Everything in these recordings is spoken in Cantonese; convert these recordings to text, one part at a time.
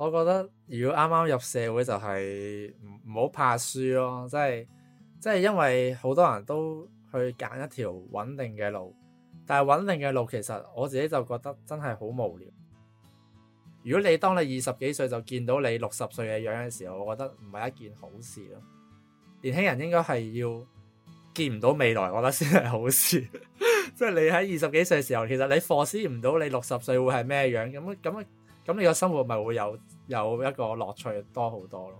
我覺得如果啱啱入社會就係唔唔好怕輸咯，即係即係因為好多人都去揀一條穩定嘅路，但係穩定嘅路其實我自己就覺得真係好無聊。如果你當你二十幾歲就見到你六十歲嘅樣嘅時候，我覺得唔係一件好事咯。年輕人應該係要見唔到未來，我覺得先係好事。即係你喺二十幾歲嘅時候，其實你 foresee 唔到你六十歲會係咩樣咁咁啊？咁你個生活咪會有有一個樂趣多好多咯？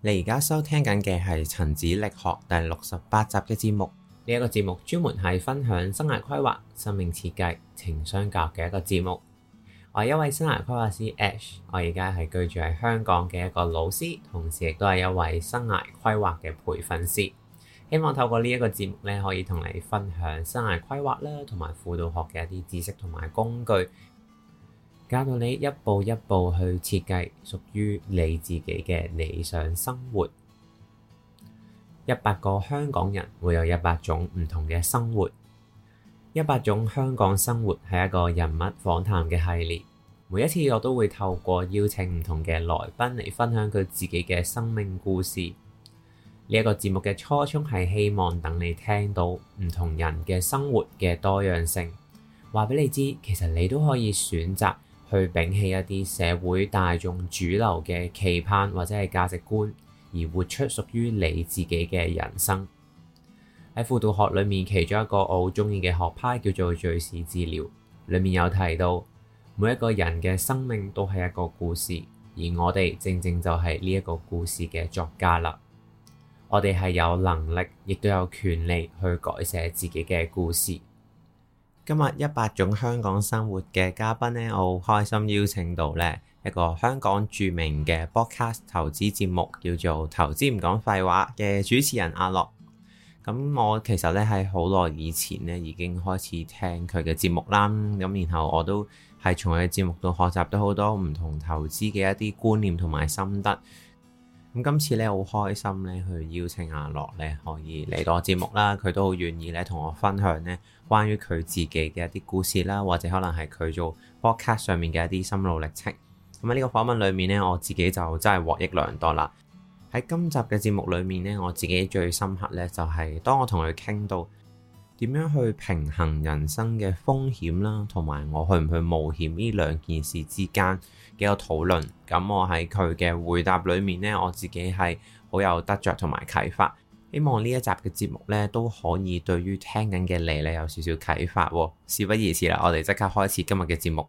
你而家收聽緊嘅係《陳子力學》第六十八集嘅節目，呢一個節目專門係分享生涯規劃、生命設計、情商教育嘅一個節目。我係一位生涯規劃師 Ash，我而家係居住喺香港嘅一個老師，同時亦都係一位生涯規劃嘅培訓師。希望透過呢一個節目咧，可以同你分享生涯規劃啦，同埋輔導學嘅一啲知識同埋工具，教導你一步一步去設計屬於你自己嘅理想生活。一百個香港人會有一百種唔同嘅生活。一百種香港生活係一個人物訪談嘅系列，每一次我都會透過邀請唔同嘅來賓嚟分享佢自己嘅生命故事。呢一個節目嘅初衷係希望等你聽到唔同人嘅生活嘅多樣性。話俾你知，其實你都可以選擇去摒棄一啲社會大眾主流嘅期盼或者係價值觀，而活出屬於你自己嘅人生。喺輔導學裏面，其中一個我好中意嘅學派叫做敍事治療，裏面有提到每一個人嘅生命都係一個故事，而我哋正正就係呢一個故事嘅作家啦。我哋係有能力，亦都有權利去改寫自己嘅故事。今日一百種香港生活嘅嘉賓呢，我好開心邀請到呢一個香港著名嘅 Podcast 投資節目，叫做《投資唔講廢話》嘅主持人阿樂。咁我其實呢喺好耐以前呢已經開始聽佢嘅節目啦。咁然後我都係從佢嘅節目度學習到好多唔同投資嘅一啲觀念同埋心得。今次咧好開心咧，去邀請阿樂咧可以嚟到我節目啦。佢都好願意咧，同我分享咧關於佢自己嘅一啲故事啦，或者可能係佢做 podcast 上面嘅一啲心路歷程。咁喺呢個訪問裏面呢，我自己就真係獲益良多啦。喺今集嘅節目裏面呢，我自己最深刻呢，就係當我同佢傾到點樣去平衡人生嘅風險啦，同埋我去唔去冒險呢兩件事之間。幾有討論咁，我喺佢嘅回答裡面呢，我自己係好有得着同埋啟發。希望呢一集嘅節目呢，都可以對於聽緊嘅你呢有少少啟發喎。事不宜遲啦，我哋即刻開始今日嘅節目。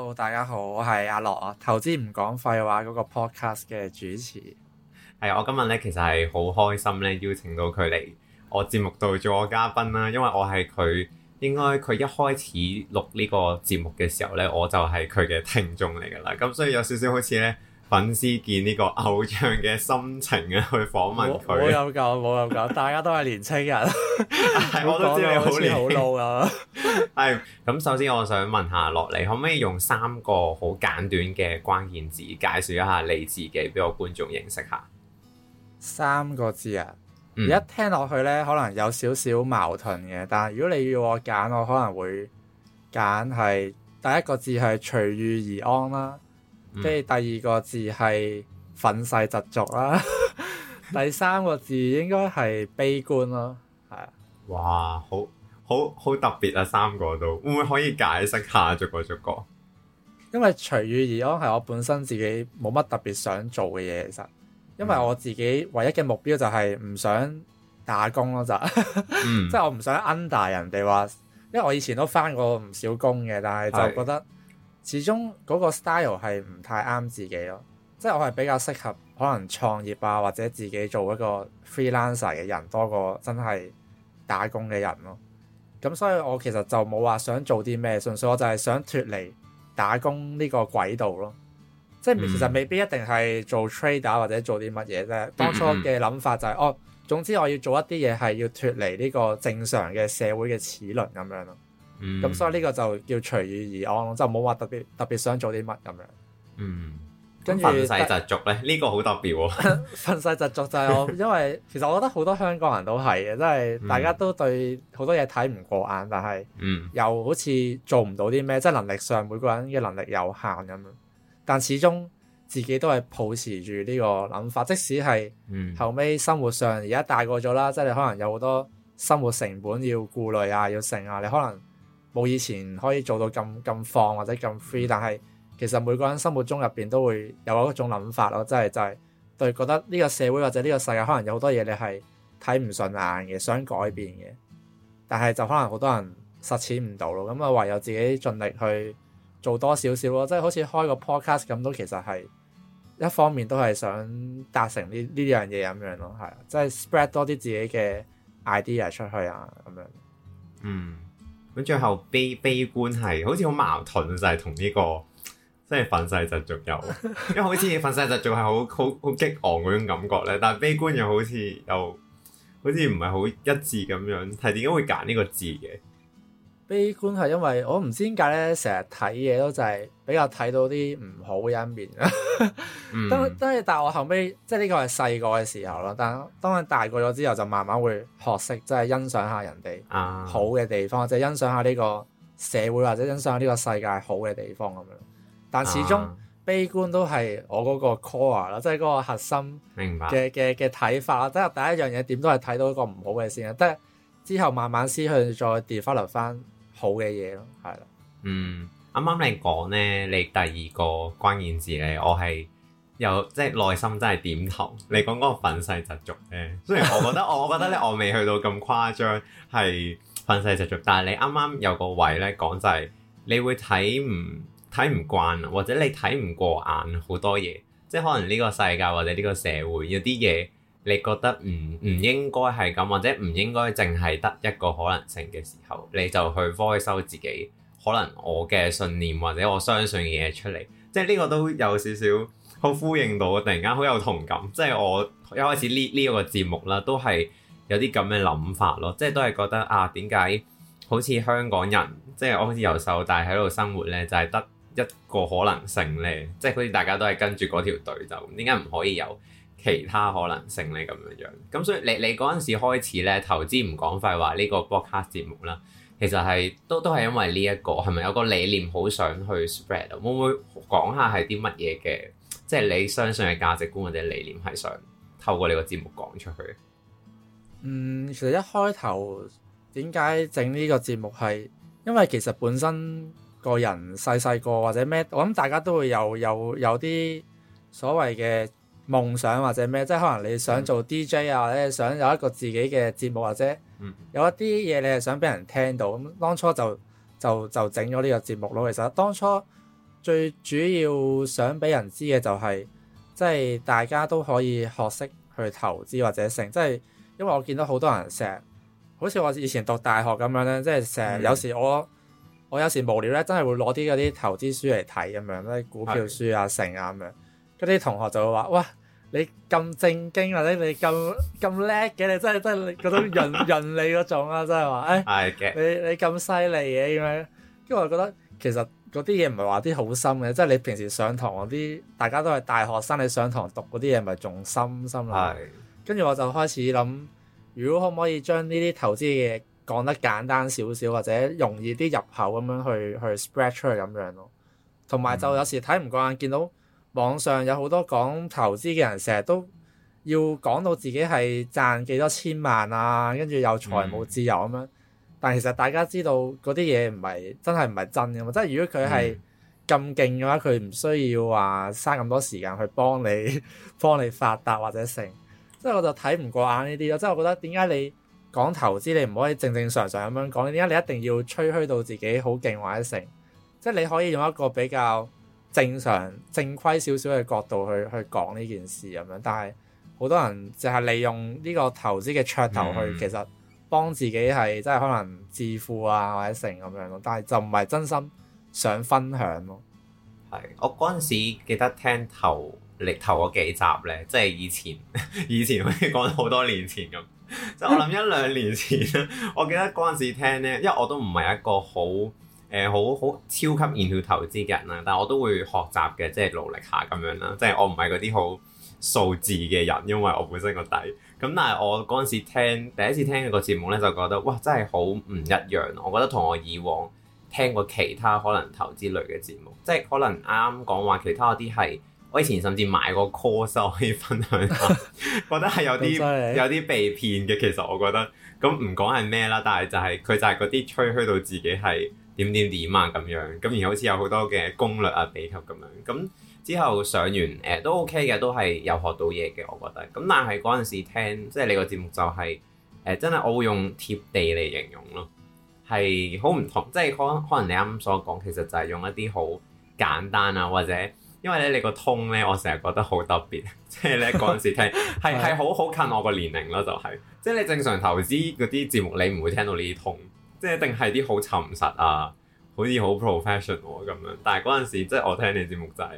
Hello 大家好，我係阿樂啊，投資唔講廢話嗰個 podcast 嘅主持。係，我今日咧其實係好開心咧邀請到佢嚟我節目度做我嘉賓啦，因為我係佢，應該佢一開始錄呢個節目嘅時候咧，我就係佢嘅聽眾嚟噶啦，咁所以有少少好似咧。粉絲見呢個偶像嘅心情啊，去訪問佢。冇有㗎，冇有㗎， 大家都係年青人。係， 我都知你好好老噶係咁， 首先我想問下落嚟，可唔可以用三個好簡短嘅關鍵字介紹一下你自己，俾我觀眾認識下？三個字啊，而家、嗯、聽落去咧，可能有少少矛盾嘅。但係如果你要我揀，我可能會揀係第一個字係隨遇而安啦。跟住第二個字係憤世嫉俗啦， 第三個字應該係悲觀咯，係啊。哇，好好好特別啊，三個都會唔會可以解釋下逐個逐個？因為隨遇而安係我本身自己冇乜特別想做嘅嘢，其實，因為我自己唯一嘅目標就係唔想打工咯，就、嗯， 即係我唔想 under 人哋話，因為我以前都返過唔少工嘅，但係就覺得。始終嗰個 style 係唔太啱自己咯，即係我係比較適合可能創業啊，或者自己做一個 freelancer 嘅人多過真係打工嘅人咯。咁所以我其實就冇話想做啲咩，純粹我就係想脫離打工呢個軌道咯。即係其實未必一定係做 trader 或者做啲乜嘢啫。當初嘅諗法就係、我、哦，總之我要做一啲嘢係要脫離呢個正常嘅社會嘅齒輪咁樣咯。咁、嗯、所以呢個就，叫隨就要隨遇而安咯，就唔好話特別特別想做啲乜咁樣。嗯，跟住著憤世嫉俗咧，呢、這個好特別喎、啊。憤 世嫉俗就係我，因為其實我覺得好多香港人都係嘅，即係、嗯、大家都對好多嘢睇唔過眼，但係又好似做唔到啲咩，即係、嗯、能力上每個人嘅能力有限咁樣。但始終自己都係抱持住呢個諗法，即使係後尾生活上而家大個咗啦，即係、嗯、你可能有好多生活成本要顧慮啊，要剩啊，你可能。冇以前可以做到咁咁放或者咁 free，但係其實每個人生活中入邊都會有一種諗法咯，即係就係、是、對覺得呢個社會或者呢個世界可能有好多嘢你係睇唔順眼嘅，想改變嘅，但係就可能好多人實踐唔到咯，咁、嗯、啊唯有自己盡力去做多少少咯，即係好似開個 podcast 咁都其實係一方面都係想達成呢呢樣嘢咁樣咯，係啊，即係 spread 多啲自己嘅 idea 出去啊咁樣，嗯。咁最後悲悲觀係好似好矛盾，就係同呢個即係憤世嫉俗有，因為好似憤世嫉俗係好好好激昂嗰種感覺咧，但係悲觀又好似又好似唔係好一致咁樣，係點解會揀呢個字嘅？悲觀係因為我唔知點解咧，成日睇嘢都就係比較睇到啲唔好嘅一面。 但嗯。都都係，但係我後尾，即係呢個係細個嘅時候咯。但當你大個咗之後，就慢慢會學識即係欣賞下人哋好嘅地方，即、啊、或者欣賞下呢個社會或者欣賞下呢個世界好嘅地方咁樣。但始終悲觀都係我嗰個 core 啦，即係嗰個核心嘅嘅嘅睇法啦。即係第一樣嘢點都係睇到一個唔好嘅先啊。即係之後慢慢思去再 develop 翻。好嘅嘢咯，係咯。嗯，啱啱你講呢，你第二個關鍵字呢，我係有即係內心真係點頭。你講嗰個憤世嫉俗呢，雖然我覺得 我覺得咧，我未去到咁誇張係憤世嫉俗，但係你啱啱有個位呢，講就係你會睇唔睇唔慣，或者你睇唔過眼好多嘢，即係可能呢個世界或者呢個社會有啲嘢。你覺得唔唔應該係咁，或者唔應該淨係得一個可能性嘅時候，你就去 voice 收自己可能我嘅信念或者我相信嘅嘢出嚟，即係呢個都有少少好呼應到，突然間好有同感。即係我一開始呢呢一個節目啦，都係有啲咁嘅諗法咯，即係都係覺得啊，點解好似香港人，即係我好似由細到大喺度生活咧，就係、是、得一個可能性咧，即係好似大家都係跟住嗰條隊，就點解唔可以有？其他可能性咧咁樣樣，咁所以你你嗰陣時開始咧投資唔講廢話呢個播客節目啦，其實係都都係因為呢一個係咪有個理念好想去 spread？啊，會唔會講下係啲乜嘢嘅？即係你相信嘅價值觀或者理念係想透過你個節目講出去？嗯，其實一開頭點解整呢個節目係？因為其實本身個人細細個或者咩，我諗大家都會有有有啲所謂嘅。夢想或者咩，即係可能你想做 DJ 啊，或者你想有一個自己嘅節目或者、嗯、有一啲嘢你係想俾人聽到。咁當初就就就整咗呢個節目咯。其實當初最主要想俾人知嘅就係、是，即係大家都可以學識去投資或者成。即係因為我見到好多人成日，好似我以前讀大學咁樣咧，即係成日有時我我有時無聊咧，真係會攞啲嗰啲投資書嚟睇咁樣咧，股票書啊成啊咁樣。嗰啲的同學就會話：哇！你咁正經，或者你咁咁叻嘅，你真係真係嗰種運運利嗰種啊！真係話，誒、哎 I get.，你你咁犀利嘅咁樣，跟住我就覺得其實嗰啲嘢唔係話啲好深嘅，即係你平時上堂嗰啲大家都係大學生，你上堂讀嗰啲嘢咪仲深深啊？跟住 我就開始諗，如果可唔可以將呢啲投資嘅嘢講得簡單少少或者容易啲入口咁樣去去 spread 出去咁樣咯，同埋就有時睇唔慣見到、嗯。網上有好多講投資嘅人，成日都要講到自己係賺幾多千萬啊，跟住有財務自由咁樣。嗯、但其實大家知道嗰啲嘢唔係真係唔係真嘅嘛。即係如果佢係咁勁嘅話，佢唔需要話嘥咁多時間去幫你幫你發達或者成。即係我就睇唔過眼呢啲咯。即係我覺得點解你講投資你唔可以正正常常咁樣講？點解你一定要吹噓到自己好勁或者成？即係你可以用一個比較。正常正規少少嘅角度去去講呢件事咁樣，但係好多人就係利用呢個投資嘅噱頭去，嗯、其實幫自己係即係可能致富啊或者成咁樣咯，但係就唔係真心想分享咯。係，我嗰陣時記得聽頭力頭嗰幾集咧，即係以前以前好似講咗好多年前咁，即 我諗一兩年前我記得嗰陣時聽咧，因為我都唔係一個好。誒、欸、好好超級熱血投資嘅人啦，但我都會學習嘅，即係努力下咁樣啦。即係我唔係嗰啲好數字嘅人，因為我本身個底咁。但係我嗰陣時聽第一次聽個節目呢，就覺得哇真係好唔一樣。我覺得同我以往聽過其他可能投資類嘅節目，即係可能啱啱講話其他嗰啲係我以前甚至買過 course、啊、可以分享下， 覺得係有啲 有啲被騙嘅。其實我覺得咁唔講係咩啦，但係就係、是、佢就係嗰啲吹噓到自己係。點點點啊咁樣，咁然後好似有好多嘅攻略啊、秘笈咁樣，咁、嗯、之後上完誒、呃、都 OK 嘅，都係有學到嘢嘅，我覺得。咁但係嗰陣時聽，即係你個節目就係、是、誒、呃、真係我會用貼地嚟形容咯，係好唔同。即係可可能你啱啱所講，其實就係用一啲好簡單啊，或者因為咧你個 tone，咧，我成日覺得好特別。 即係你嗰陣時聽，係好好近我個年齡咯、就是，就係即係你正常投資嗰啲節目，你唔會聽到呢啲 tone。即係定係一定係啲好沉實啊，好似好 professional 咁樣。但係嗰陣時，即係我聽你節目就係，誒、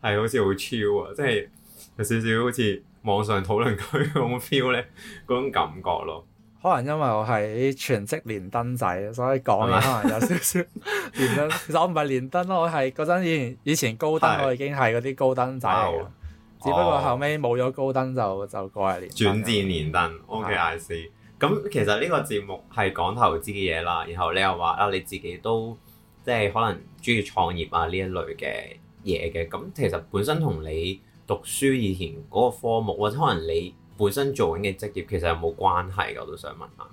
欸、係好似好 chill 啊，即係有少少好似網上討論區嗰種 feel 咧，嗰種感覺咯。可能因為我係全職連登仔，所以講可能有少少是嗎 連登。其實我唔係連登咯，我係嗰陣以前以前高登，我已經係嗰啲高登仔是，只不過後尾冇咗高登就就過嚟連。轉戰連登，燈，OK，I、okay, 是 see。咁其實呢個節目係講投資嘅嘢啦，然後你又話啦，你自己都即係可能鍾意創業啊呢一類嘅嘢嘅。咁其實本身同你讀書以前嗰個科目或者可能你本身做緊嘅職業，其實有冇關係？我都想問下。誒、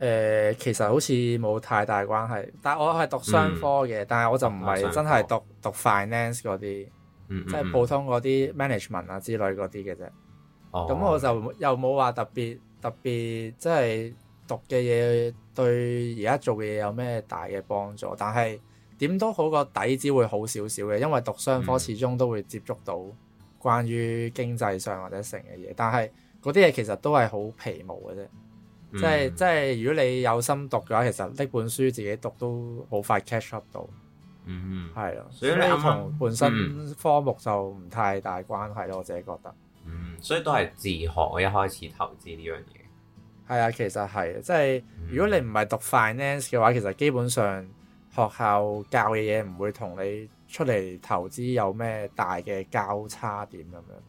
呃，其實好似冇太大關係。但係我係讀商科嘅，嗯、但係我就唔係真係讀、嗯、讀 finance 嗰啲，嗯、即係普通嗰啲 management 啊之類嗰啲嘅啫。咁、嗯嗯、我就又冇話特別。特別即係讀嘅嘢對而家做嘅嘢有咩大嘅幫助？但係點都好個底子會好少少嘅，因為讀商科始終都會接觸到關於經濟上或者成嘅嘢。但係嗰啲嘢其實都係好皮毛嘅啫、嗯，即係即係如果你有心讀嘅話，其實呢本書自己讀都好快 catch up 到。嗯嗯哼，係咯的，所以你同本身科目就唔太大關係咯，嗯、哼我自己覺得。所以都係自學，我一開始投資呢樣嘢。係啊，其實係，即係如果你唔係讀 finance 嘅話，嗯、其實基本上學校教嘅嘢唔會同你出嚟投資有咩大嘅交叉點咁樣。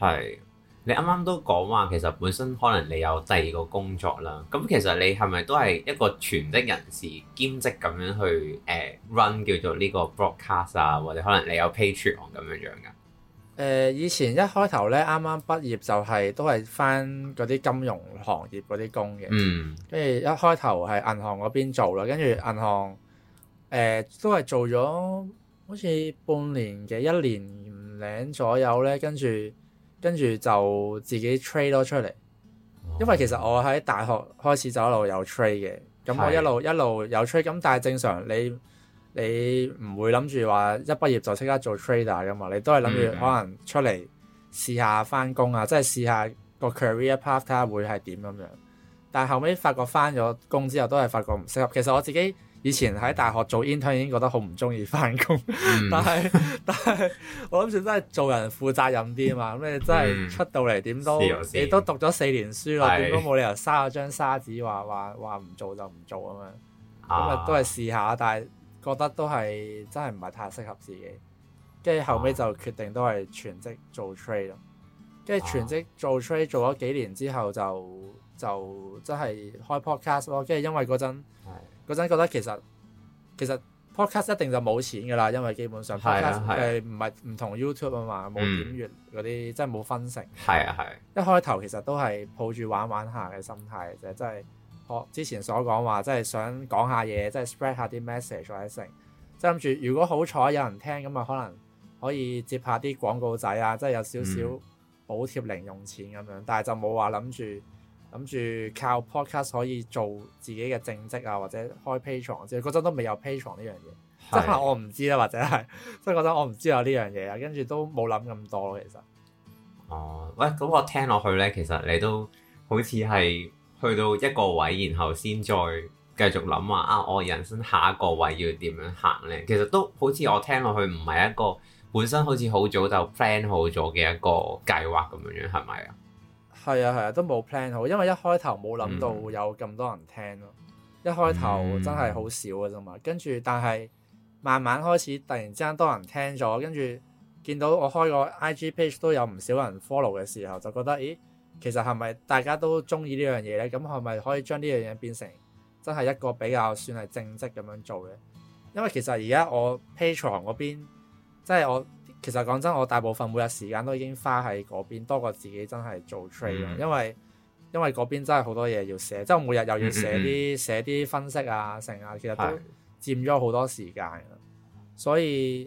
係，你啱啱都講話，其實本身可能你有第二個工作啦。咁其實你係咪都係一個全職人士兼職咁樣去誒、呃、run 叫做呢個 broadcast 啊，或者可能你有 patreon 咁樣樣㗎？誒、呃、以前一開頭咧，啱啱畢業就係都係翻嗰啲金融行業嗰啲工嘅，跟住、嗯、一開頭係銀行嗰邊做啦，跟住銀行誒、呃、都係做咗好似半年嘅一年零左右咧，跟住跟住就自己 trade 咗出嚟，哦、因為其實我喺大學開始就一路有 trade 嘅，咁我一路是一路有 trade，咁但係正常你。你唔會諗住話一畢業就即刻做 trader 噶嘛？你都係諗住可能出嚟試下翻工啊，嗯、即係試下個 career path 睇下會係點咁樣。但係後尾發覺翻咗工之後都係發覺唔適合。其實我自己以前喺大學做 intern 已經覺得好唔中意翻工，但係但係我諗住真係做人負責任啲啊嘛。咁你、嗯嗯、真係出到嚟點都你都讀咗四年書咯，是點都冇理由嘥咗張沙紙話話話唔做就唔做啊嘛。咁啊都係試下，但係。但但覺得都係真係唔係太適合自己，跟住後尾就決定都係全職做 trade 咯。跟住全職做 trade 做咗幾年之後就，就就真係開 podcast 咯。跟住因為嗰陣嗰陣覺得其實其實 podcast 一定就冇錢㗎喇，因為基本上 podcast 係唔係唔同 YouTube 啊嘛，冇點閱嗰啲，即係冇分成。係啊係。一開頭其實都係抱住玩玩下嘅心態，就真係。我、oh，之前所講話，即係想講下嘢，即係 spread 下啲 message 或者成。即係諗住如果好彩有人聽，咁啊可能可以接一下啲廣告仔啊，即係有少少補貼零用錢咁樣。嗯、但係就冇話諗住諗住靠 podcast 可以做自己嘅正職啊，或者開 Patreon 之類。嗰陣都未有 Patreon 呢樣嘢，是即係我唔知啊，或者係即係嗰陣我唔知有呢樣嘢啊。跟住都冇諗咁多咯，其實。哦，喂，咁我聽落去咧，其實你都好似係。去到一個位，然後先再繼續諗話：「啊，我人生下一個位要點樣行呢？」其實都好似我聽落去唔係一個本身好似好早就 plan 好咗嘅一個計劃咁樣樣，係咪啊？係啊，係啊，都冇 plan 好，因為一開頭冇諗到有咁多人聽咯。嗯、一開頭真係好少嘅啫嘛。跟住，但係慢慢開始，突然之間多人聽咗，跟住見到我開個 IG page 都有唔少人 follow 嘅時候，就覺得咦～其實係咪大家都中意呢樣嘢呢？咁係咪可以將呢樣嘢變成真係一個比較算係正職咁樣做呢？因為其實而家我 Patreon 嗰邊，即係我其實講真，我大部分每日時間都已經花喺嗰邊多過自己真係做 trade、嗯、因為因為嗰邊真係好多嘢要寫，嗯、即係我每日又要寫啲、嗯嗯、寫啲分析啊成啊，其實都佔咗好多時間。所以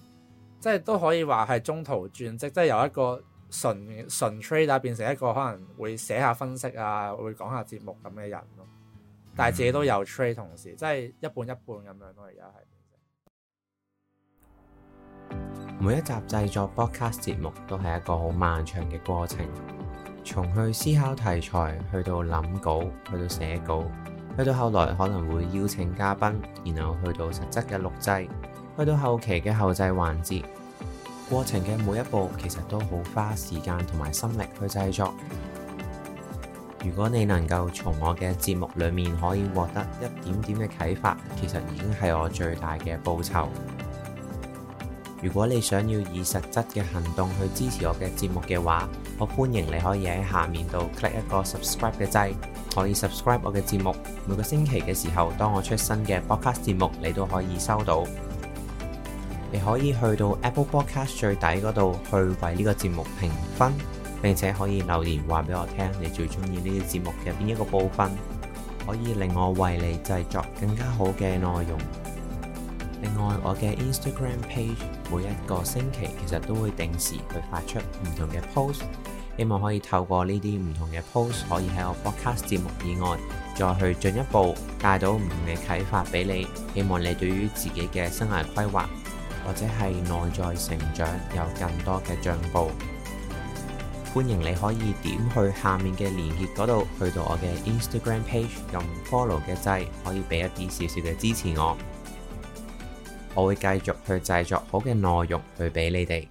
即係都可以話係中途轉職，即係由一個。純純 trader 啊，變成一個可能會寫下分析啊，會講下節目咁嘅人咯、啊。但係自己都有 trader 同時，即係一半一半咁樣咯而家係。每一集製作 Podcast 節目都係一個好漫長嘅過程，從去思考題材，去到諗稿，去到寫稿，去到後來可能會邀請嘉賓，然後去到實質嘅錄製，去到後期嘅後製環節。過程嘅每一步，其實都好花時間同埋心力去製作。如果你能夠從我嘅節目裏面可以獲得一點點嘅啟發，其實已經係我最大嘅報酬。如果你想要以實質嘅行動去支持我嘅節目嘅話，我歡迎你可以喺下面度 click 一個 subscribe 嘅掣，可以 subscribe 我嘅節目。每個星期嘅時候，當我出新嘅播客節目，你都可以收到。你可以去到 Apple Podcast 最底嗰度去為呢個節目評分，並且可以留言話俾我聽，你最中意呢個節目嘅邊一個部分，可以令我為你製作更加好嘅內容。另外，我嘅 Instagram page 每一個星期其實都會定時去發出唔同嘅 post，希望可以透過呢啲唔同嘅 post 可以喺我 Podcast 節目以外再去進一步帶到唔同嘅啟發俾你。希望你對於自己嘅生涯規劃，或者係內在成長有更多嘅進步，歡迎你可以點去下面嘅連結嗰度去到我嘅 Instagram page，㩒 follow 嘅掣，可以俾一啲少少嘅支持我，我會繼續去製作好嘅內容去俾你哋。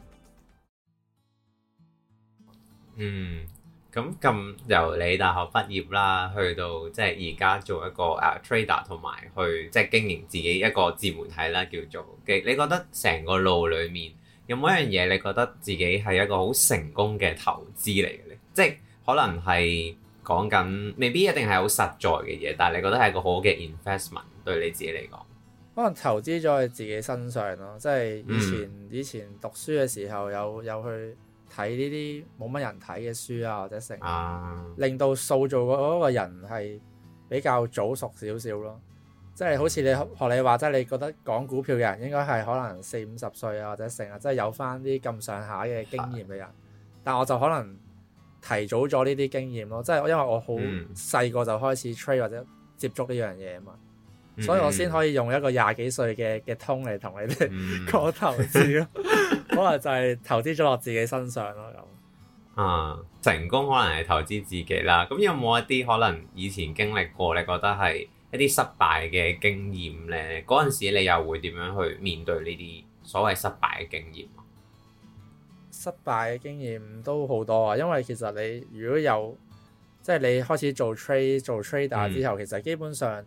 嗯。咁咁由你大學畢業啦，去到即係而家做一個誒 trader，同埋去即係經營自己一個自媒體啦，叫做嘅。你覺得成個路裡面有冇一樣嘢你覺得自己係一個好成功嘅投資嚟嘅呢？即係可能係講緊未必一定係好實在嘅嘢，但係你覺得係一個好嘅 investment 對你自己嚟講。可能投資咗喺自己身上咯，即係以前以前讀書嘅時候有有去。睇呢啲冇乜人睇嘅書啊，或者成，啊，uh, 令到塑造嗰個人係比較早熟少少咯。即係好似你學你話，即係你覺得講股票嘅人應該係可能四五十歲啊，或者成啊，即係有翻啲咁上下嘅經驗嘅人。Uh, 但我就可能提早咗呢啲經驗咯，即係因為我好細個就開始 trade，或者接觸呢樣嘢啊嘛，所以我先可以用一個廿幾歲嘅嘅 tone 嚟同你哋講投資咯。可能就係投資咗落自己身上咯，咁啊，成功可能係投資自己啦。咁有冇一啲可能以前經歷過，你覺得係一啲失敗嘅經驗呢？嗰陣時你又會點樣去面對呢啲所謂失敗嘅經驗？失敗嘅經驗都好多啊，因為其實你如果有，即係你開始做 tray、er, 做 trader 之後，嗯、其實基本上。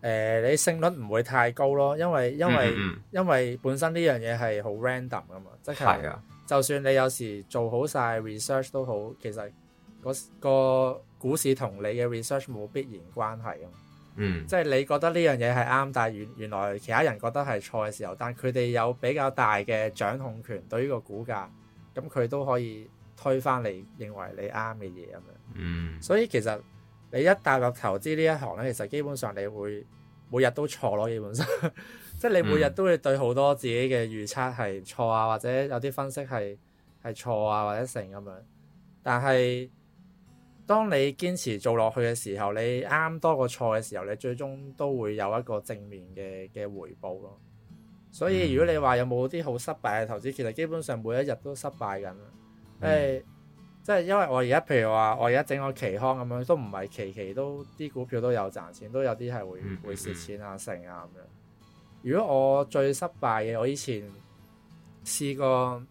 誒、呃，你勝率唔會太高咯，因為因為、mm hmm. 因為本身呢樣嘢係好 random 噶嘛，即係就算你有時做好晒 research 都好，其實嗰個股市同你嘅 research 冇必然關係啊。Mm hmm. 即係你覺得呢樣嘢係啱，但係原原來其他人覺得係錯嘅時候，但佢哋有比較大嘅掌控權對於呢個股價，咁佢都可以推翻嚟認為你啱嘅嘢咁樣。嗯、mm，hmm. 所以其實。你一踏入投資呢一行咧，其實基本上你會每日都錯咯，基本上， 即係你每日都會對好多自己嘅預測係錯啊，或者有啲分析係係錯啊，或者成咁樣。但係當你堅持做落去嘅時候，你啱多過錯嘅時候，你最終都會有一個正面嘅嘅回報咯。所以如果你話有冇啲好失敗嘅投資，其實基本上每一日都失敗緊，因、嗯 Hey, 即係因為我而家譬如話，我而家整個期康咁樣，都唔係期期都啲股票都有賺錢，都有啲係會、嗯嗯、會蝕錢啊，剩啊咁樣。如果我最失敗嘅，我以前試過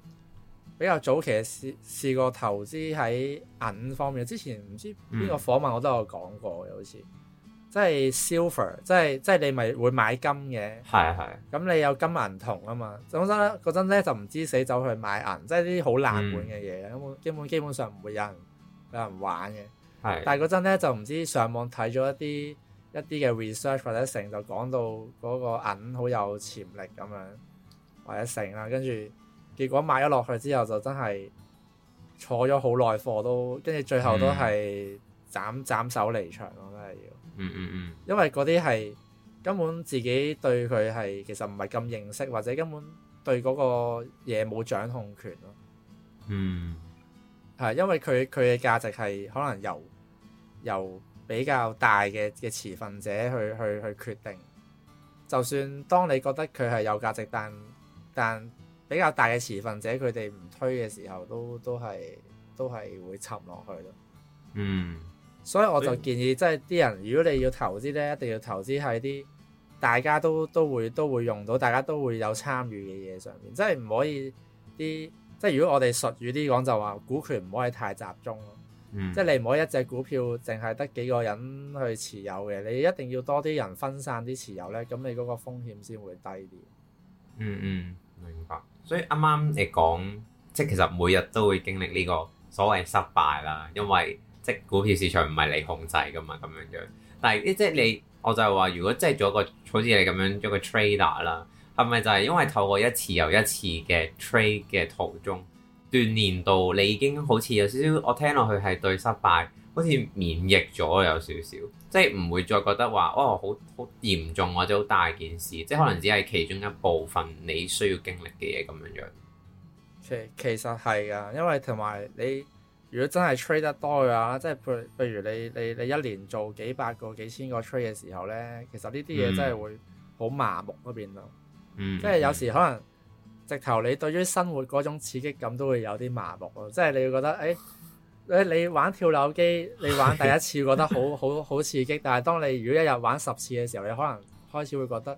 比較早期嘅試試過投資喺銀方面，之前唔知邊個訪問我都有講過嘅，好似。即係 silver，即係即係你咪會買金嘅。係係。咁你有金銀銅啊嘛？總之咧，嗰陣咧就唔知死走去買銀，即係啲好冷門嘅嘢，咁、嗯、基本基本上唔會有人有人玩嘅。係是的，但係嗰陣咧就唔知上網睇咗一啲一啲嘅 research 或者成，就講到嗰個銀好有潛力咁樣，或者成啦，跟住結果買咗落去之後就真係坐咗好耐貨都，跟住最後都係斬斬手離場咯，真係要。嗯嗯嗯，因為嗰啲係根本自己對佢係其實唔係咁認識，或者根本對嗰個嘢冇掌控權咯。嗯，係因為佢佢嘅價值係可能由由比較大嘅嘅持份者去去去決定。就算當你覺得佢係有價值，但但比較大嘅持份者佢哋唔推嘅時候，都都係都係會沉落去咯。嗯。所以我就建議，即係啲人，如果你要投資呢，一定要投資喺啲大家都都會都會用到，大家都會有參與嘅嘢上面。即係唔可以啲，即係如果我哋術語啲講就話，股權唔可以太集中咯。即係、嗯、你唔可以一隻股票淨係得幾個人去持有嘅，你一定要多啲人分散啲持有呢，咁你嗰個風險先會低啲。嗯嗯，明白。所以啱啱你講，即係其實每日都會經歷呢個所謂失敗啦，因為。即股票市場唔係你控制㗎嘛，咁樣樣。但係即係你，我就係話，如果即係做一個好似你咁樣做個 trader 啦，係咪就係因為透過一次又一次嘅 trade 嘅途中鍛鍊到你已經好似有少少，我聽落去係對失敗好似免疫咗有少少，即係唔會再覺得話嘩好好嚴重或者好大件事，即係可能只係其中一部分你需要經歷嘅嘢咁樣樣。其其實係啊，因為同埋你。如果真係 trade 得多嘅話，即係譬如你你你一年做幾百個、幾千個 trade 嘅、er、時候咧，其實呢啲嘢真係會好麻木嗰邊咯。即係有時可能直頭你對於生活嗰種刺激感都會有啲麻木咯。即係你會覺得，誒、欸，你你玩跳樓機，你玩第一次覺得是好好好刺激，但係當你如果一日玩十次嘅時候，你可能開始會覺得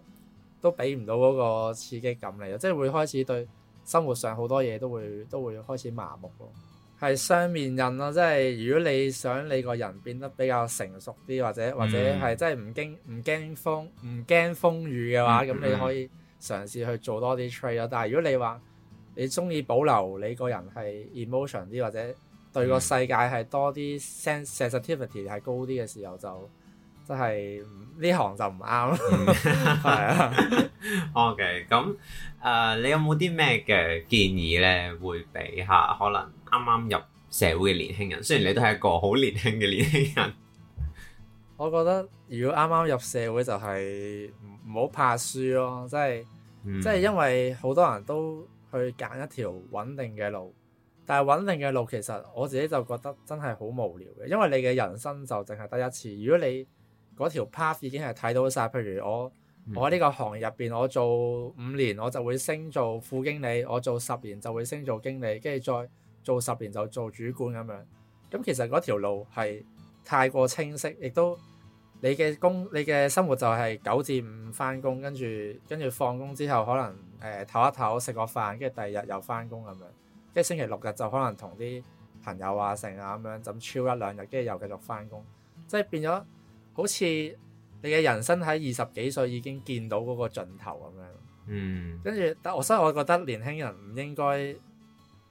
都比唔到嗰個刺激感嚟。即係會開始對生活上好多嘢都會都會開始麻木咯。係雙面人咯，即係如果你想你個人變得比較成熟啲，或者、嗯、或者係真係唔驚唔驚風唔驚風雨嘅話，咁、嗯嗯、你可以嘗試去做多啲 trade、er，咯。但係如果你話你中意保留你個人係 emotion 啲，或者對個世界係多啲、嗯、sensitivity 係高啲嘅時候就，就真係呢行就唔啱咯，係啊。OK，咁誒，uh，你有冇啲咩嘅建議咧？會俾下可能？啱啱入社會嘅年輕人，雖然你都係一個好年輕嘅年輕人，我覺得如果啱啱入社會就係唔好怕輸咯。即係即係，嗯、因為好多人都去揀一條穩定嘅路，但係穩定嘅路其實我自己就覺得真係好無聊嘅，因為你嘅人生就淨係得一次。如果你嗰條 path 已經係睇到晒，譬如我、嗯、我喺呢個行業入邊，我做五年我就會升做副經理，我做十年就會升做經理，跟住再。做十年就做主管咁樣，咁其實嗰條路係太過清晰，亦都你嘅工、你嘅生活就係九至五翻工，跟住跟住放工之後可能誒唞、呃、一唞，食個飯，跟住第二日又翻工咁樣，跟住星期六日就可能同啲朋友啊成啊咁樣，就咁超一兩日，跟住又繼續翻工，即係變咗好似你嘅人生喺二十幾歲已經見到嗰個盡頭咁樣。嗯，跟住但我所以我覺得年輕人唔應該。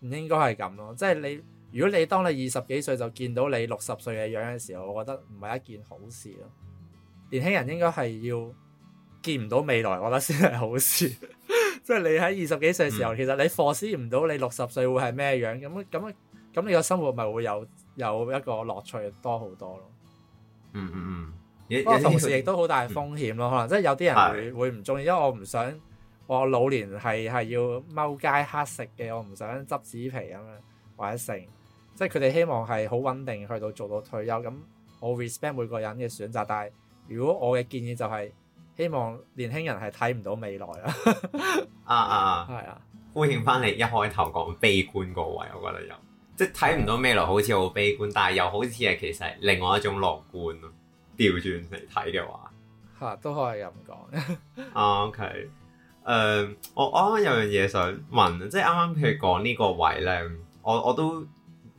唔應該係咁咯，即係你如果你當你二十幾歲就見到你六十歲嘅樣嘅時候，我覺得唔係一件好事咯。年輕人應該係要見唔到未來，我覺得先係好事。 即係你喺二十幾歲嘅時候，嗯、其實你 foresee 唔到你六十歲會係咩樣咁咁咁，你個生活咪會有有一個樂趣多好多咯、嗯。嗯嗯嗯，不、嗯、過同時亦都好大風險咯，嗯嗯、可能即係有啲人會、嗯、會唔中意，因為我唔想。我老年係係要踎街乞食嘅，我唔想執紙皮咁樣或者成，即係佢哋希望係好穩定去到做到退休。咁我 respect 每個人嘅選擇，但係如果我嘅建議就係希望年輕人係睇唔到未來啊！ 啊啊，係啊！呼應翻你一開頭講悲觀個位，我覺得又即係睇唔到未來，好似好悲觀，啊、但係又好似係其實另外一種樂觀咯。調轉嚟睇嘅話，嚇、啊、都可以咁講、 啊、OK。誒，uh, 我啱啱有樣嘢想問，即係啱啱譬如講呢個位咧，我我都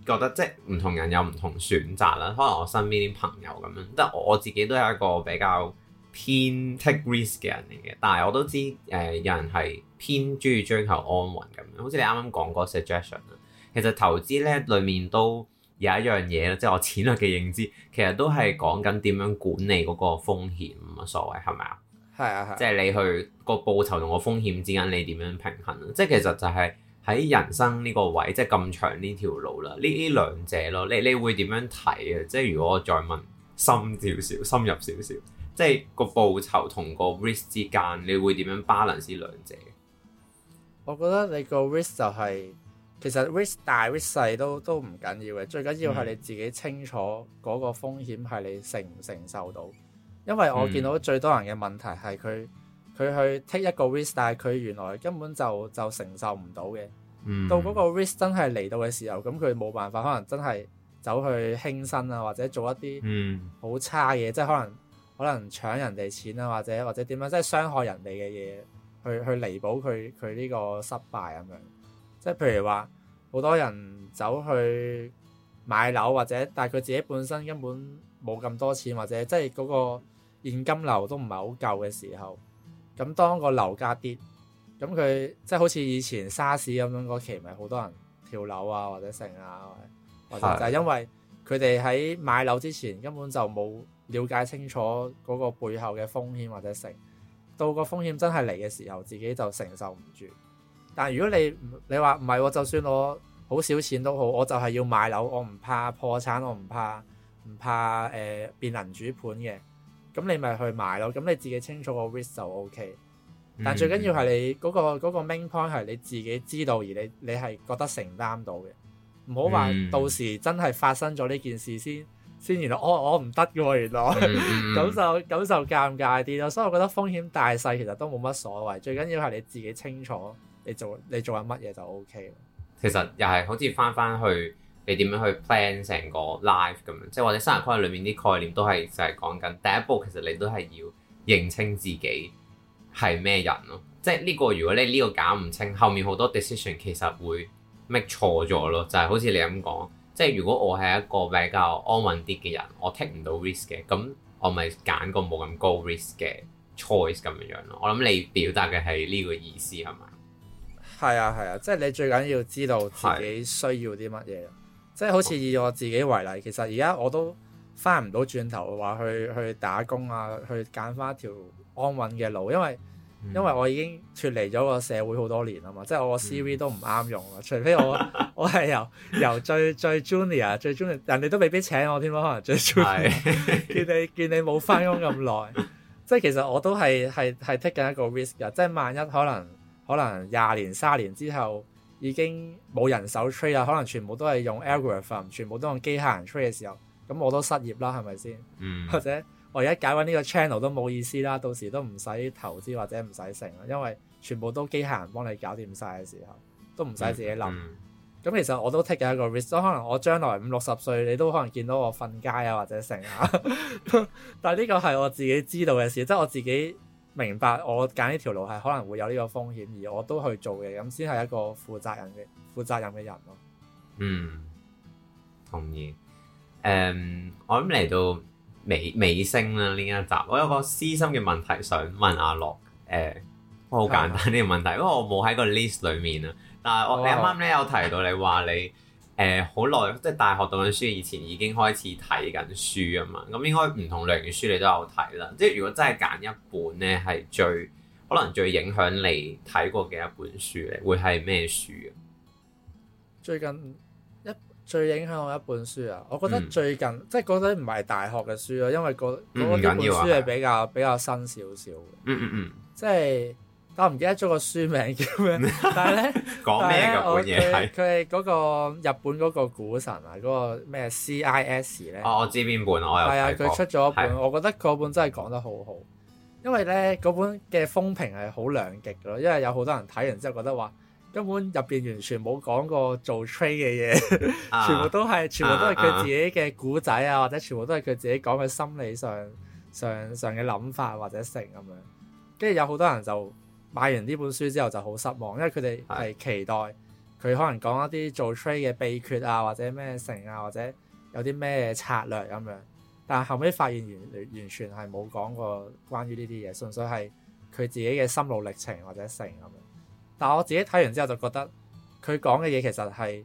覺得即係唔同人有唔同選擇啦。可能我身邊啲朋友咁樣，但我，我自己都係一個比較偏 take risk 嘅人嚟嘅。但係我都知誒、呃，有人係偏中意追求安穩咁樣。好似你啱啱講個 suggestion 啦，其實投資咧裏面都有一樣嘢咧，即係我淺略嘅認知，其實都係講緊點樣管理嗰個風險咁嘅所謂係咪啊？係啊，係啊，即係你去個報酬同個風險之間，你點樣平衡啊？即係其實就係喺人生呢個位，即係咁長呢條路啦，呢呢兩者咯，你你會點樣睇啊？即係如果我再問，深少少，深入少少，即係個報酬同個 risk 之間，你會點樣 balance 兩者？我覺得你個 risk 就係，其實 risk 大 risk 細都都唔緊要嘅，最緊要係你自己清楚嗰個風險係你承唔承受到。因為我見到最多人嘅問題係佢佢去 take 一個 risk，但係佢原來根本就就承受唔、嗯、到嘅。到嗰個 risk 真係嚟到嘅時候，咁佢冇辦法，可能真係走去輕生啊，或者做一啲好差嘅嘢，嗯、即係可能可能搶人哋錢啊，或者或者點樣，即係傷害人哋嘅嘢去去彌補佢佢呢個失敗咁樣。即係譬如話，好多人走去買樓，或者但係佢自己本身根本冇咁多錢，或者即係嗰、嗰個，現金流都唔係好夠嘅時候，咁當個樓價跌，咁佢即係好似以前沙士咁樣嗰期，咪好多人跳樓啊，或者成啊，或者就係因為佢哋喺買樓之前根本就冇了解清楚嗰個背後嘅風險或者成，到個風險真係嚟嘅時候，自己就承受唔住。但係如果你你話唔係喎，就算我好少錢都好，我就係要買樓，我唔怕破產，我唔怕唔怕誒、呃、變銀主盤嘅。咁你咪去買咯，咁你自己清楚個 risk 就 OK。但最緊要係你嗰個嗰個 main point 係你自己知道，而你你係覺得承擔到嘅，唔好話到時真係發生咗呢件事先先，原來我我唔得嘅喎，原來咁就咁就尷尬啲咯。所以我覺得風險大細其實都冇乜所謂，最緊要係你自己清楚你做你做緊乜嘢就 OK。其實又係好似翻翻去。你點樣去 plan 成個 life 咁樣，即係或者生日規劃裏面啲概念都係就係講緊第一步。其實你都係要認清自己係咩人咯。即係、這、呢個如果你呢個搞唔清，後面好多 decision 其實會 make 錯咗咯。就係、是、好似你咁講，即係如果我係一個比較安穩啲嘅人，我 take 唔到 risk 嘅，咁我咪揀個冇咁高 risk 嘅 choice 咁樣樣咯。我諗你表達嘅係呢個意思係咪？係啊係啊，即係、啊就是、你最緊要知道自己需要啲乜嘢。即係好似以我自己為例，其實而家我都翻唔到轉頭話去去打工啊，去揀翻一條安穩嘅路，因為因為我已經脫離咗個社會好多年啦嘛，即係我個 C.V. 都唔啱用啦，嗯、除非我我係由 由最最 Junior 最 Junior，人哋都未必請我添咯，可能最 Junior， 見你見你冇返工咁耐，即係其實我都係係係 take 緊一個 risk 啊，即係萬一可能可能廿年三十年之後。已經冇人手 trade 啦，可能全部都係用 algorithm，全部都用機械人 trade 嘅時候，咁我都失業啦，係咪先？嗯、或者我而家搞緊呢個 channel 都冇意思啦，到時都唔使投資或者唔使成啊，因為全部都機械人幫你搞掂晒嘅時候，都唔使自己諗。咁、嗯嗯、其實我都 take 緊一個 risk，可能我將來五六十歲，你都可能見到我瞓街啊或者成啊。嗯嗯 但係呢個係我自己知道嘅事，即、就、係、是、我自己。明白，我揀呢條路係可能會有呢個風險，而我都去做嘅，咁先係一個負責任嘅負責任嘅人咯。嗯，同意。誒、um，我諗嚟到尾尾聲啦，呢一集我有個私心嘅問題想問阿樂。誒、嗯，好簡單呢個問題， 因為我冇喺個 list 裡面啊。但係我、oh. 你啱啱咧有提到你話你。誒好耐，即係大學讀緊書，以前已經開始睇緊書啊嘛。咁應該唔同類型嘅書你都有睇啦。即係如果真係揀一本呢，係最可能最影響你睇過嘅一本書咧，會係咩書啊？最近一最影響我一本書啊，我覺得最近、嗯、即係嗰啲唔係大學嘅書咯，啊，因為嗰嗰嗰幾本書係比較、嗯、比較新少少嘅。嗯嗯嗯，即係。但我唔記得咗個書名叫咩，但係咧講咩嘅本嘢係佢係嗰個日本嗰個股神啊，嗰、嗰個咩 CIS 咧？我知邊本，我有，係啊，佢出咗一本，啊、我覺得嗰本真係講得好好，因為咧嗰本嘅風評係好兩極嘅咯，因為有好多人睇完之後覺得話根本入邊完全冇講過做 trade 嘅嘢，全部都係全部都係佢自己嘅故仔啊，uh, uh, 或者全部都係佢自己講嘅心理上上上嘅諗法或者成咁樣，跟住有好多人就。買完呢本書之後就好失望，因為佢哋係期待佢可能講一啲做 trade 嘅秘訣啊，或者咩成啊，或者有啲咩策略咁、啊、樣。但後尾發現完完全係冇講過關於呢啲嘢，純粹係佢自己嘅心路歷程或者成咁樣。但我自己睇完之後就覺得佢講嘅嘢其實係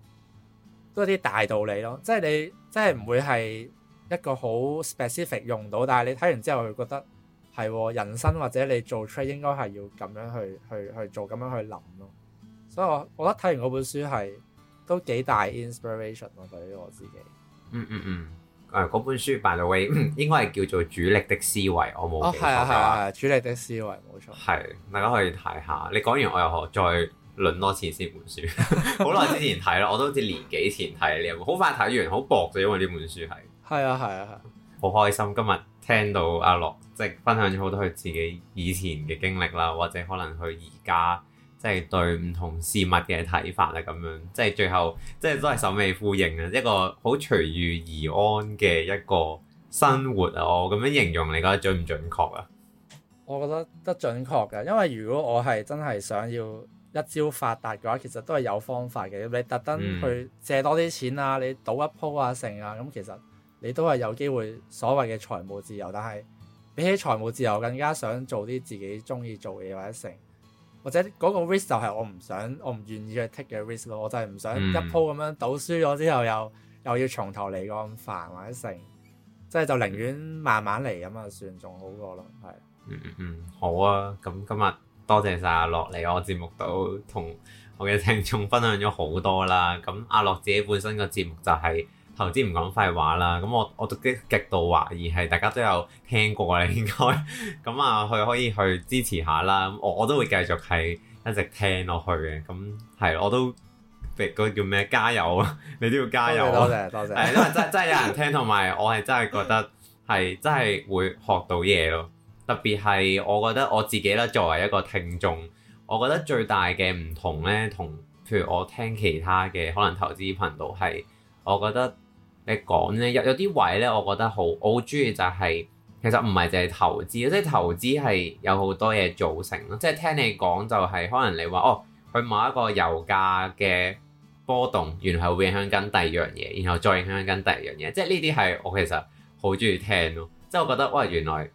都係啲大道理咯，即係你即係唔會係一個好 specific 用到，但係你睇完之後佢會覺得。係，人生或者你做 trade 應該係要咁樣去去去做，咁樣去諗咯。所以我，我覺得睇完嗰本書係都幾大 inspiration 咯，對於我自己。嗯嗯嗯，誒、嗯、嗰、嗯嗯、本書 by the way 應該係叫做《主力的思維》，我 spit, 哦，我冇記錯㗎。係係係，吧主力的思維冇錯。係ん大家可以睇下。你講完我又學再攬多次呢本書。好耐之前睇啦，我都好似年幾前睇你有呢。好快睇完，好薄就因為呢本書係。係啊係啊係，好開心今日。聽到阿樂即分享咗好多佢自己以前嘅經歷啦，或者可能佢而家即係對唔同事物嘅睇法啊，咁樣即係最後即係都係首尾呼應嘅、嗯、一個好隨遇而安嘅一個生活啊，我咁樣形容你覺得準唔準確啊？我覺得得準確嘅，因為如果我係真係想要一朝發達嘅話，其實都係有方法嘅。你特登去借多啲錢啊，你賭一鋪啊，剩啊，咁、嗯、其實～你都係有機會所謂嘅財務自由，但係比起財務自由更加想做啲自己中意做嘢，或者成，或者嗰個 risk 就係我唔想我唔願意去 take 嘅 risk 咯，我就係唔想一鋪咁樣賭輸咗之後又又要從頭嚟過咁煩或者成，即係就寧願慢慢嚟咁啊算仲好過咯，係。嗯嗯嗯，好啊，咁今日多謝晒阿樂嚟我節目度同我嘅聽眾分享咗好多啦，咁阿、啊、樂自己本身個節目就係、是。投資唔講廢話啦，咁我我極極度懷疑係大家都有聽過啦，應該咁啊，佢可以去支持下啦。我我都會繼續係一直聽落去嘅，咁係我都嗰個叫咩？加油啊！你都要加油！多謝多謝，因為真真係有人聽，同埋我係真係覺得係真係會學到嘢咯。特別係我覺得我自己咧作為一個聽眾，我覺得最大嘅唔同呢，同譬如我聽其他嘅可能投資頻道係，我覺得。你講呢，有有啲位呢，我覺得好我好中意就係、是、其實唔係淨係投資，即係投資係有好多嘢組成咯。即係聽你講就係、是、可能你話哦，佢某一個油價嘅波動原來係會影響緊第二樣嘢，然後再影響緊第二樣嘢。即係呢啲係我其實好中意聽咯。即係我覺得哇，原來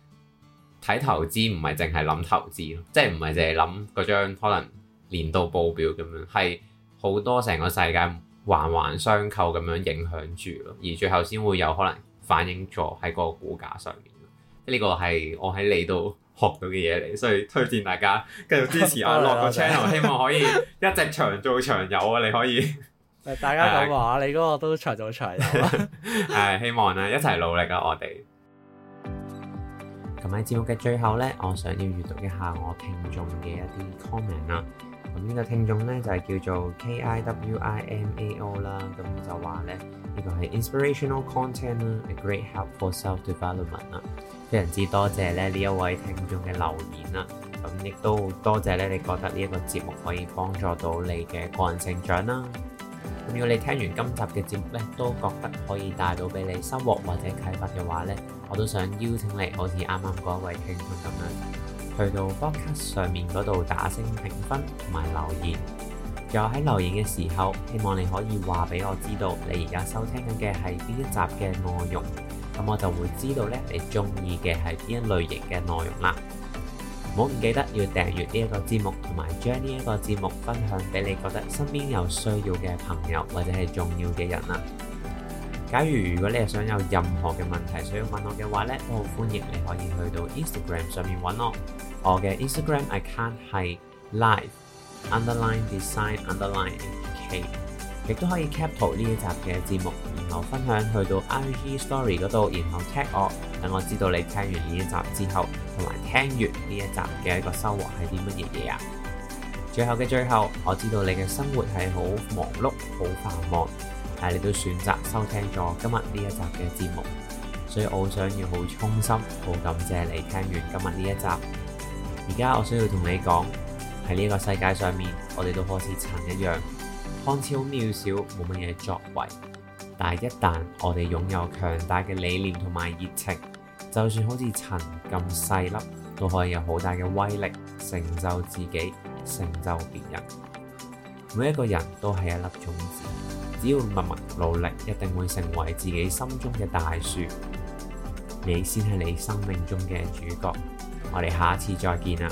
睇投資唔係淨係諗投資咯，即係唔係淨係諗嗰張可能年度報表咁樣，係好多成個世界。環環相扣咁樣影響住咯，而最後先會有可能反映咗喺個股價上面。呢個係我喺你度學到嘅嘢嚟，所以推薦大家繼續支持我落個 channel， 希望可以一直長做長有啊！你可以， 大家話下 你嗰個都長做長有、啊，係 希望咧一齊努力啊！我哋咁喺節目嘅最後呢，我想要閲讀一下我聽眾嘅一啲 comment 啊。咁呢個聽眾咧就係叫做 K I W I M A O 啦，咁就話咧呢個係 inspirational content 啦，a great help for self-development 啦，非常之多謝咧呢一位聽眾嘅留言啦，咁亦都多謝咧你覺得呢一個節目可以幫助到你嘅個人成長啦。咁如果你聽完今集嘅節目咧，都覺得可以帶到俾你收穫或者啟發嘅話咧，我都想邀請你好似啱啱嗰位聽眾咁樣。去到 Podcast 上面嗰度打星評分同埋留言，仲有喺留言嘅時候，希望你可以話俾我知道，你而家收聽緊嘅係邊一集嘅內容，咁我就會知道咧你中意嘅係邊一類型嘅內容啦。唔好唔記得要訂閱呢一個節目，同埋將呢一個節目分享俾你覺得身邊有需要嘅朋友或者係重要嘅人啦。假如如果你係想有任何嘅問題，想要問我嘅話咧，都好歡迎你可以去到 Instagram 上面揾我，我嘅 Instagram account 係 life underline design underline hk，亦都可以 cap 圖呢一集嘅節目，然後分享去到 IG story 嗰度，然後 tag 我，等我知道你聽完呢一集之後，同埋聽完呢一集嘅一個收穫係啲乜嘢嘢啊。最後嘅最後，我知道你嘅生活係好忙碌，好繁忙。係，但你都選擇收聽咗今日呢一集嘅節目，所以我想要好衷心好感謝你聽完今日呢一集。而家我需要同你講，喺呢個世界上面，我哋都好似塵一樣，看超渺小，冇乜嘢作為。但係一旦我哋擁有強大嘅理念同埋熱情，就算好似塵咁細粒，都可以有好大嘅威力，成就自己，成就別人。每一個人都係一粒種子。只要默默努力，一定會成為自己心中嘅大樹。你先係你生命中嘅主角。我哋下次再見啦！